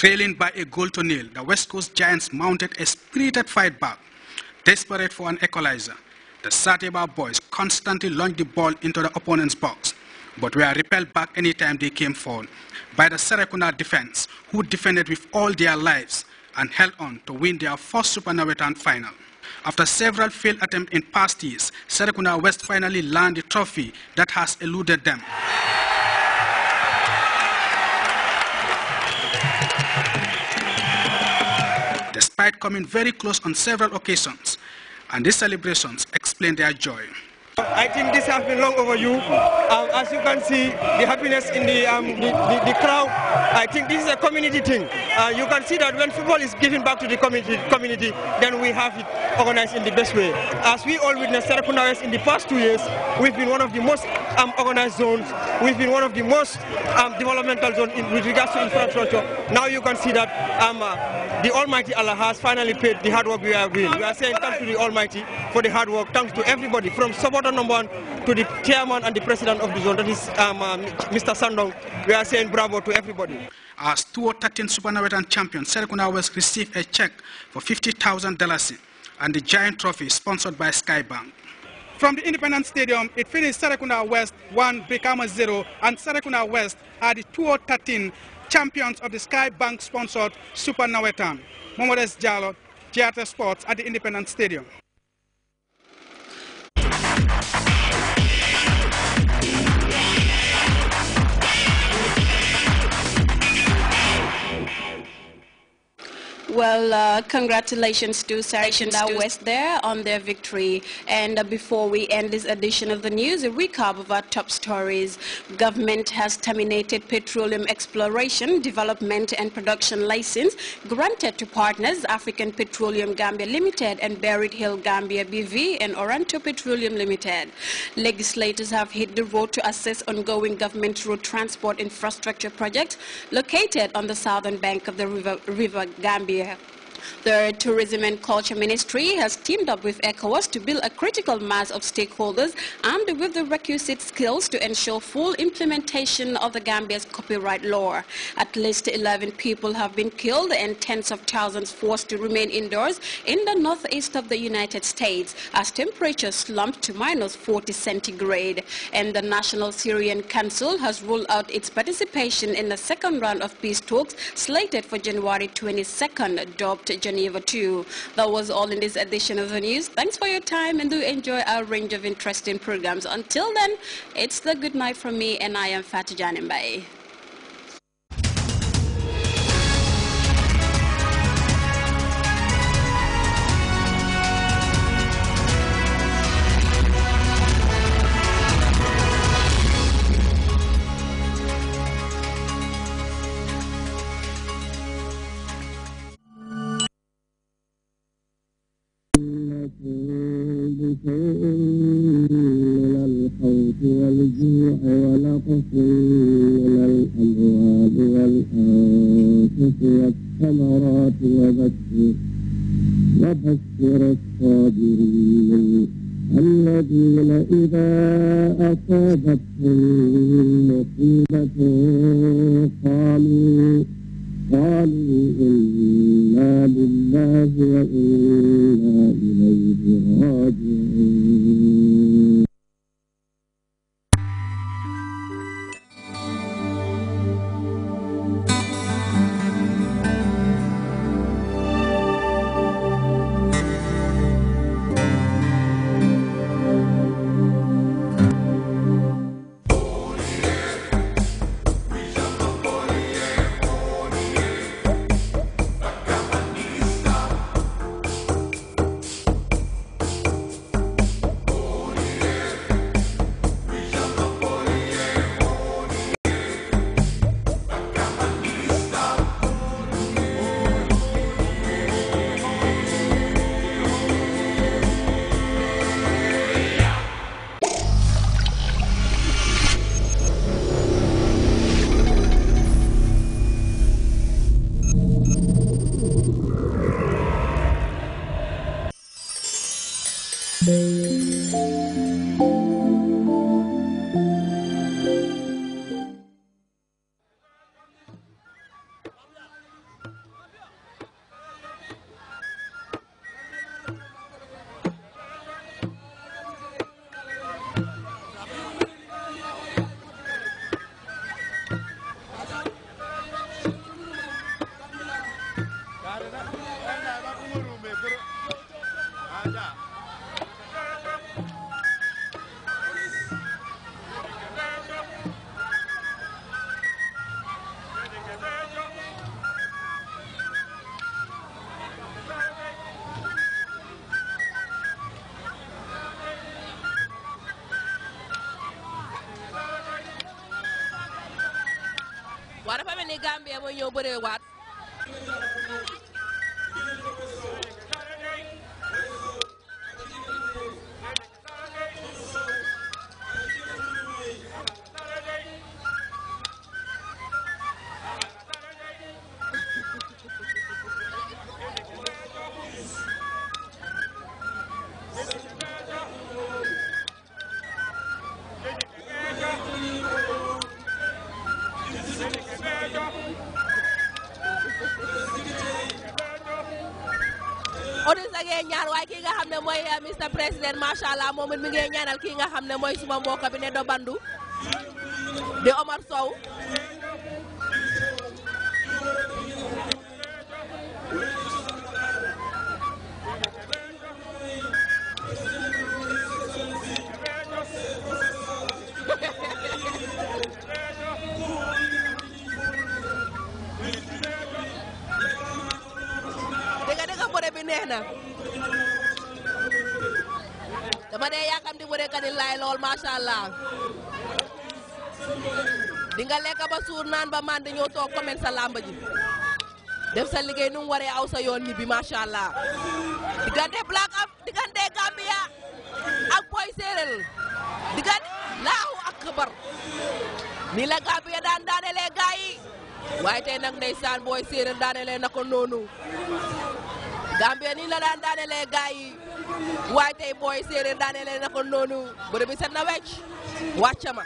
Trailing by a goal to nil, the West Coast Giants mounted a spirited fight back, desperate for an equalizer. The Sateba boys constantly launched the ball into the opponent's box, but were repelled back anytime they came forward by the Serekunda defense, who defended with all their lives and held on to win their first Supernavitan final. After several failed attempts in past years, Serekunda West finally landed the trophy that has eluded them. despite coming very close on several occasions, and these celebrations explain their joy. I think this has been long overdue. Um, as you can see, the happiness in the, um, the, the, the, crowd, I think this is a community thing. Uh, you can see that when football is given back to the community, community, then we have it organized in the best way. As we all witnessed, Serapuna in the past two years, we've been one of the most um, organized zones. We've been one of the most um, developmental zones in, with regards to infrastructure. Now you can see that um, uh, the Almighty Allah has finally paid the hard work we are doing. We are saying thanks to the Almighty for the hard work. Thanks to everybody from supporter number one to the chairman and the president of the zone, that is um, uh, Mr. Sandong. We are saying bravo to everybody. As 2013 Super Supernavitan champion, Serikuna West received a check for $50,000 and the giant trophy sponsored by Skybank. From the Independence Stadium, it finished Sarakuna West 1, Brikama 0, and Sarakuna West are the 2013 champions of the Skybank-sponsored Super Nawetan. Momodes Jalo, Theatre Sports at the Independence Stadium. Well, uh, congratulations to Saracenda West there on their victory. And uh, before we end this edition of the news, a recap of our top stories. Government has terminated petroleum exploration, development and production license granted to partners African Petroleum Gambia Limited and Buried Hill Gambia BV and Oranto Petroleum Limited. Legislators have hit the road to assess ongoing government road transport infrastructure projects located on the southern bank of the river, river Gambia yeah. The Tourism and Culture Ministry has teamed up with ECOWAS to build a critical mass of stakeholders armed with the requisite skills to ensure full implementation of the Gambia's copyright law. At least 11 people have been killed and tens of thousands forced to remain indoors in the northeast of the United States as temperatures slumped to minus 40 centigrade. And the National Syrian Council has ruled out its participation in the second round of peace talks slated for January 22nd, dubbed Geneva 2. That was all in this edition of the news. Thanks for your time and do enjoy our range of interesting programs. Until then, it's the good night from me and I am Fatih Janimbai. تكون الأموال والأنفس والثمرات وبشر وبشر الصابرين الذين إذا أصابتهم مصيبة قالوا قالوا إنا لله وإنا إليه راجعون Why the family Gambia when you put it what? a ngee waaye ki nga xam ne mooy euh, Mr President macha allah moom it mi ngee ñaanal ki nga xam ne mooy suma mbokk bi ne do di Omar soow neexa di lool macha allah di nga lekk ba suur naan ba man di ñëw toog comment sa làmb def sa liggéey nu mu waree aw sa yoon ñibbi macha allah diggante Black ak diggante Gambia ak Boy Séeréer diggante laahu akbar nii la Gambia daan daanelee gaa yi waaye tey nag ndeysaan Boy Séeréer daanelee na ko noonu Gambia nii la daan daanelee gaa yi waaye tey booy séeréer daanee leen na ko noonu bërëb bi set na wecc wàcc ma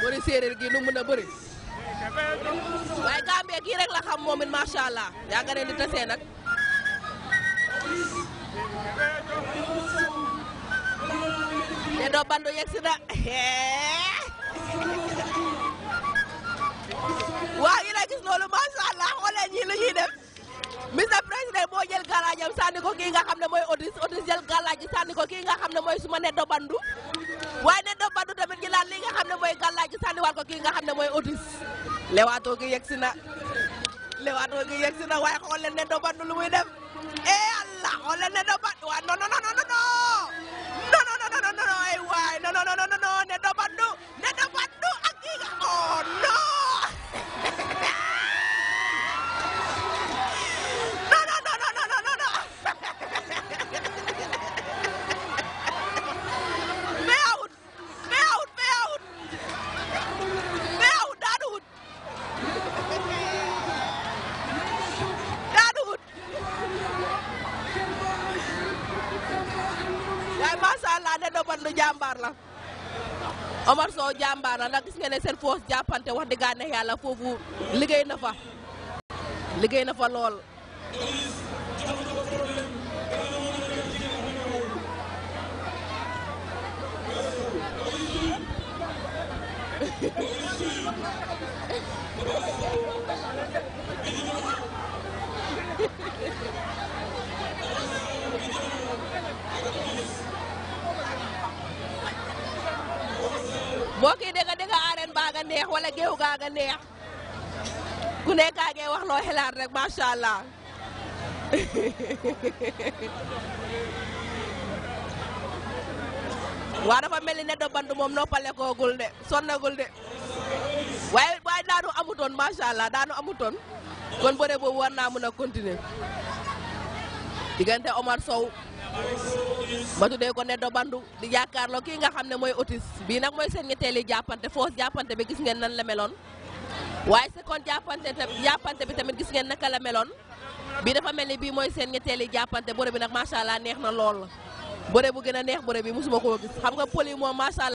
bëri séeréer gi nu mën a bëri waaye Gambie kii rek la xam moom it yaa nga di tasee nag te doo bandu yegsi na lu ñuy def monsieur président moo jël galaajam sànni ko kii nga xam ne mooy Odis Odis jël galaaj gi sànni ko kii nga xam ne mooy suma neddo bandu waaye neddo bandu tamit jëlaat li nga xam ne mooy galaaj gi waat ko kii nga xam ne mooy Odis lewaatoo gi yegsi na lewaatoo gi yegsi na waaye xool le neddo bandu lu muy def eh Allah xool leen neddo bandu waa non non Omar Sow jàmbaar la ndax gis seen force jàppante wax dëgg yàlla foofu liggéey na fa liggéey na fa lool. boo kii dégg dégg arène baa nga neex wala géew gaa nga neex ku nekk kaa wax loo xelaat rek macha allah. waa dafa mel ni ne do bandu moom noppale koogul de sonnagul de waaye waaye daanu amutoon macha allah daanu amutoon kon bëre boobu war naa mën a continuer diggante Omar soow ma tuddee ko Neddo Bandou di jàkkaarloo kii nga xam ne mooy autiste bii nag mooy seen ñetteeli jàppante fausse jàppante bi gis ngeen nan la meloon waaye seconde jàppante jàppante bi tamit gis ngeen naka la meloon bii dafa mel ni bii mooy seen ñetteeli jàppante bëre bi nag macha allah neex na lool bëre bu gën a neex bëre bi mosuma koo gis xam nga pël yi moom macha allah